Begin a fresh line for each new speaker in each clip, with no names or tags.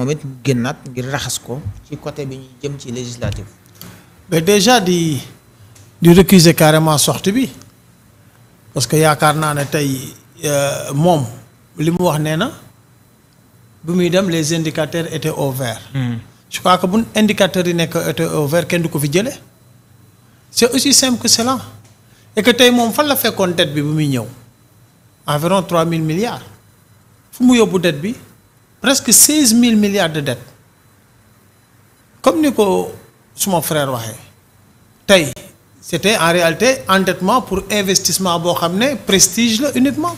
moom it génnaat ngir raxas ko ci côté bi ñuy jëm ci législative mais déjà di di récuser carrément sortie bi parce que yaakaar naa ne tey euh, moom li mu wax nee na bu muy dem les indicateurs étaient au vert. Hmm. je crois que bu indicateurs yi nekk étaient au vert kenn du ko fi jëlee c'est aussi simple que cela et tey moom fan la fekkoon dette bi bu muy ñëw environ trois mille milliards fu mu yóbbu dette bi. presque seize mille milliards de dettes comme ni ko su ma frère waxee tey c'était en réalité endettement pour investissement boo xam ne prestige la uniquement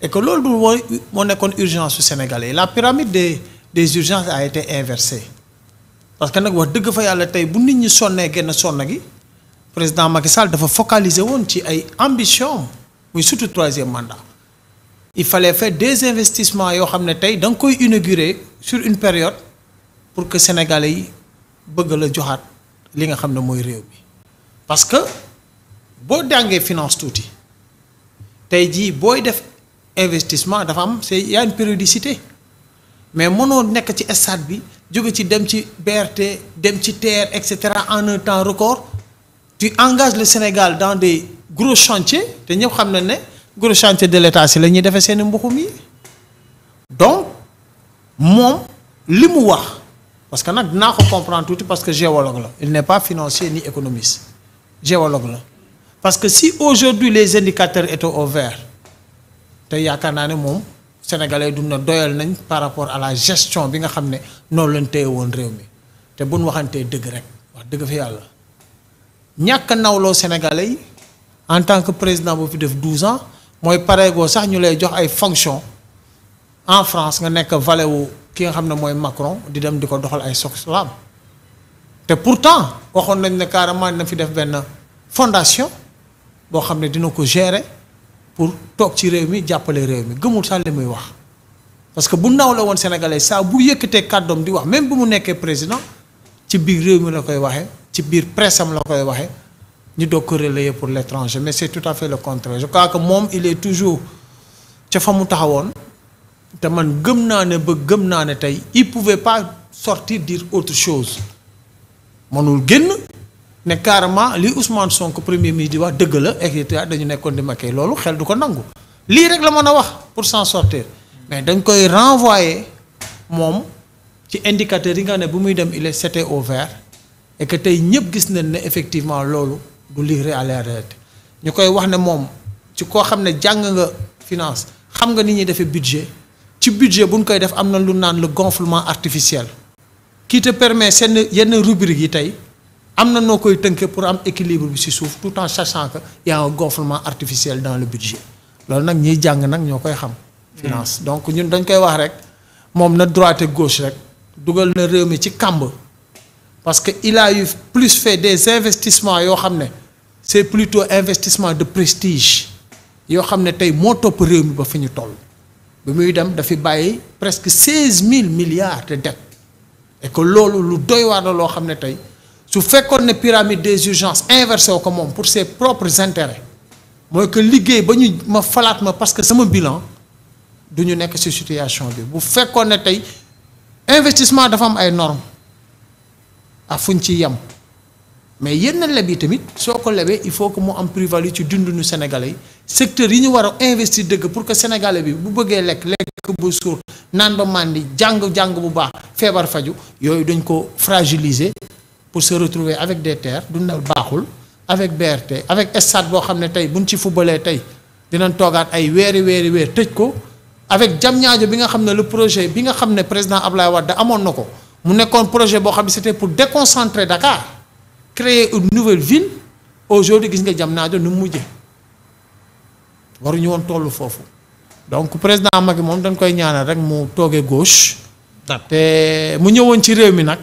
et que loolu du mooy moo nekkoon urgence su sénégalais la pyramide des des urgences a été inversée parce que nag wax dëgg fa yàlla tey bu nit ñi sonnee genn sonn gi président Macky Sall dafa focaliser woon ci ay ambition muy surtout troisième mandat il fallait fait des investissements yoo xam ne tey da nga koy inaugurer sur une période pour que sénégalais yi bëgg la joxaat li nga xam ne mooy réew bi parce que boo jàngee finance tuuti tey jii booy def investissement dafa am c'est y une périodicité mais mënoo nekk ci estade bi jóge ci dem ci BRT dem ci TER et cetera en un temps record tu engage le Sénégal dans de gros chantiers te ñëpp xam na ne. gros chantier de l'état si la ñuy defee seen mbuxum yi donc moom li mu wax parce que nag dinaa ko comprendre tuuti parce que géologue la il n'est pas financier ni économiste géologue la parce que si aujourd'hui les indicateurs étaient au vert te yaakaar naa ne moom sénégalais dund na doyal nañ par rapport à la gestion bi nga xam ne noonu lañ téye woon réew mi te buñ waxantee dëgg rek wax dëgg fi yàlla ñàkk nawloo sénégalais yi en tant que président bu fi def 12 ans mooy pareegoo sax ñu lay jox ay fonction en France nga nekk valet wu ki nga xam ne mooy Macron di dem di ko doxal ay soxlaam te pourtant waxoon nañ ne carrément na fi def benn fondation boo xam ne dina ko gérer pour toog ci réew mi jàppale réew mi gëmul sax li muy wax parce que bu naw la woon sénégalais saa bu yëkkatee kàddoom di wax même bu mu nekkee président ci biir réew mi la koy waxee ci biir presse la koy waxee ñu doog ko relayer pour l' étranger mais c' est tout à fait le contraire je crois que moom il est toujours ca fa mu taxawoon te man gëm naa ne ba gëm naa ne tey il pouvait pas sortir dire autre chose mënul génn ne carrément li Ousmane Sonko premier ministre di wax dëgg la et dañu nekkoon di makkee loolu xel du ko nangu lii rek la mën a wax pour s'en sortir mais dañ koy renvoyer moom ci indicateur yi nga ne bu muy dem il est c'était au vert et que tey ñëpp gis nañ ne effectivement loolu du livré à la réalité ñu koy wax ne moom ci koo xam ne jàng nga finance xam nga ni ñuy defee budget ci budget bu ñu koy def am na lu naan le gonflement artificiel qui te permet seen yenn rubrique yi tey am na noo koy tënkee pour am équilibre bi ci suuf tout en sachant que y a un gonflement artificiel dans le budget loolu nag ñiy jàng nag ñoo koy xam finance mm. donc ñun dañ koy wax rek moom na droite gauche rek dugal na réew mi ci kàmb parce que il plus fait des investissements yoo xam ne c'est plutôt investissement de prestige yoo xam ne tey moo topp réew mi ba fi ñu toll bi muy dem dafi bàyyi presque seize mille milliards de dettes et loolu lu doy waar la loo xam ne tey su fekkoon ne pyramide des urgences inversé ko moom pour ses propres intérêts mooy que liggéey ba ñu ma falaat ma parce que sama bilan du ñu nekk ci situation bi bu fekkoon ne tey investissement dafa am ay normes a ah fuñ ci yem mais yenn leb yi tamit soo ko lebee il faut que mu am plus-value ci dunduñu Sénégalais yi secteur yi ñu war a investir dëgg pour que Sénégalais bi bu bëggee lekk lekk bu suur naan ba màndi jàng jàng bu baax feebar faju yooyu dañ ko fragiliser pour se retrouver avec des terres dundal baaxul avec BRT avec stade boo xam ne tey buñ ci fubalee tey dinañ toogaat ay weeri weeri weer tëj ko avec jam Diamniadio bi nga xam ne le projet bi nga xam ne président Ablaye Wade amoon na ko mu nekkoon projet boo xam ne c'était pour déconcentrer Dakar. créer une nouvelle ville aujourd'hui gis nga jam Diamniadio nu mu mujje waruñu woon toll foofu donc président Macky moom dañ koy ñaanal rek mu toogee gauche te mu ñëwoon ci réew mi nag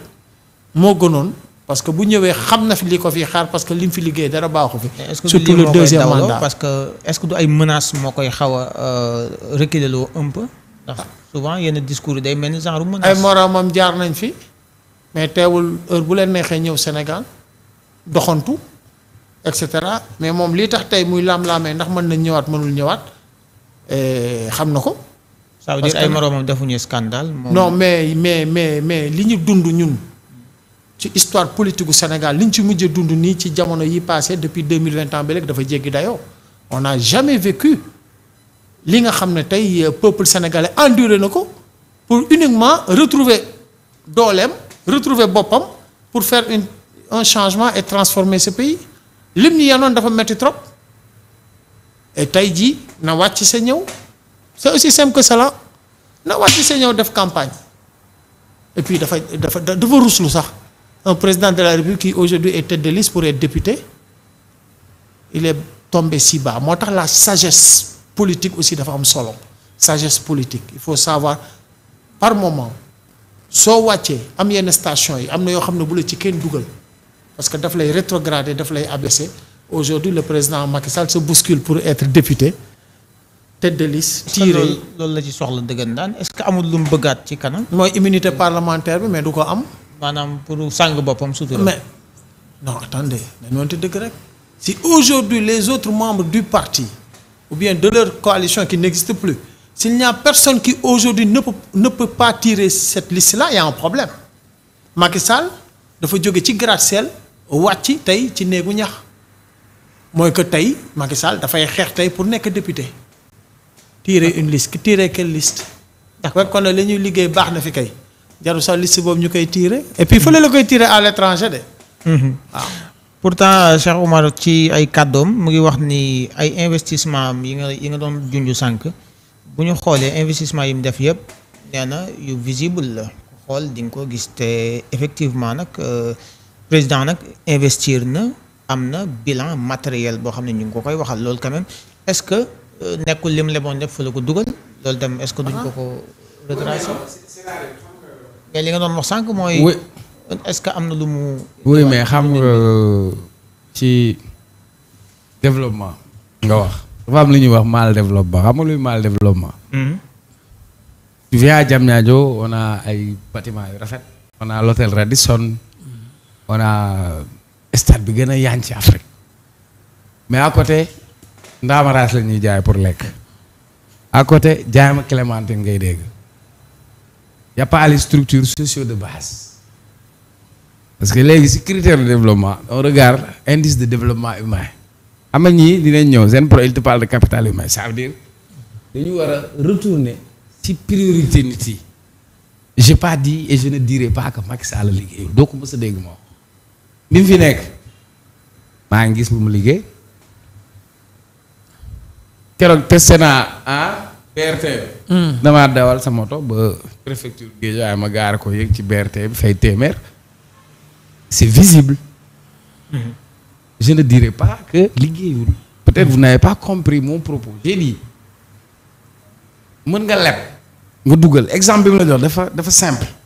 moo gënoon parce que bu ñëwee xam na fi li ko fi xaar parce que li mu fi liggéey dara baaxu fi surtout le deuxième mandat parce que est-ce que du ay menaces moo koy xaw a euh, reculer loo un peu ndax ah. souvent yenn discours yi day mel ni genre menace ay moromam jaar nañ fi mais teewul heure bu leen neexee ñëw Sénégal doxantu et cetera mais moom lii tax tey muy laam-laamee ndax mën nañ ñëwaat mënul ñëwaat eh, xam na ko. ça veut dire ay moroomam defuñu scandale. non mais mais mais mais li ñu dund ñun ci histoire politique gu Sénégal li ñu ci mujjee dund nii ci jamono yi passé depuis deux mille vingt ans ba léegi dafa jéggi dayoo. on n'a jamais vécu li nga xam ne tey euh, peuple sénégalais enduré na ko pour uniquement retrouver dooleem retrouver boppam pour faire une. un changement et transformer ce pays lim ñu yanoon dafa metti trop et tey jii na wàcc sa ñëw c'est aussi simple que cela na wàcc sa ñëw def campagne et puis dafa dafa dafa ruslu sax un président de la République qui aujourd'hui est tête de liste pour être député il est tombé si moo tax la sagesse politique aussi dafa am solo sagesse politique il faut savoir par moment soo wàccee am yenn station yi am na yoo xam ne bu la ci kenn dugal parce que daf lay rétrograder daf lay abaisser aujourd'hui le président Macky Sall se pour être député tête de liste tiré loolu la ci soxla dëggantaan est-ce que amul lu mu bëggaat ci kanam. mooy immunité parlementaire bi mais du ko am. maanaam pour sàng boppam sutura. mais non attendez dañu wante dëgg rek si aujourd'hui les autres membres du parti ou bien de leur coalition qui n'existe plus s'il n'y a personne qui aujourd'hui ne peut ne peut pas tirer cette liste là il y a un dafa jóge ci gratte-ciel wàcc tey ci néegu ñax mooy que tey Macky Sall dafay xeex tey pour nekk député. tirer une liste tirer quelle liste. d'accord kon nag li ñuy liggéey baax na fi kay jaru sax liste boobu ñu koy tirer. et puis fële la koy tirer à l'étranger de. Mhm. waaw. pourtant Cheikh Oumar ci ay kàddoom mu ngi wax ni ay investissement am yi nga yi nga doon junj sànq bu ñu xoolee investissement yi mu def yëpp nee yu visible la xool di nga ko gis te effectivement nag. Euh, président nag investir na am na bilan matériel boo xam ne ñu ngi ko koy waxal loolu quand même est ce que euh, nekkul lim leboon lépp fa la ko dugal loolu dem est ce que duñ ko ko redressé mais li nga doon wax sànq mooy est ce que am na lu mu
oui mais xam nga ci développement nga wax dafa am lu ñuy wax mal développement xam nga luy mal développement hmm. via Diamniadio on a ay bâtiment yu rafet on a l'hôtel Radisson on a stade bi gën a yaañ ci Afrique mais à côté ndaamaraas la ñuy jaay pour lekk à côté jaay ma clémentine ngay dégg y a pas les sociaux de base parce que léegi si critère de développement on regarde indice de développement humain ama ñii dinañ ñëw seen pro il te parle de capital humain ça dire dañu war a ci priorité nit yi j'ai pas dit et je ne dirai pas que Macky Sall liggéeyul doo ko mës a dégg moom bi fi nekk maa ngi gis lu mu liggéey keroog testé naa ah BRT hmm. damaa dawal sa moto ba préfecture Guédiawaye ma gaare ko yëg ci BRT bi fay téeméer c'est visible hmm. je ne dirai pas que liggéeyul peut-être vous n'avez pas compris mon propos j'ai dit mën nga leb nga dugal exemple bi mu la jox dafa dafa simple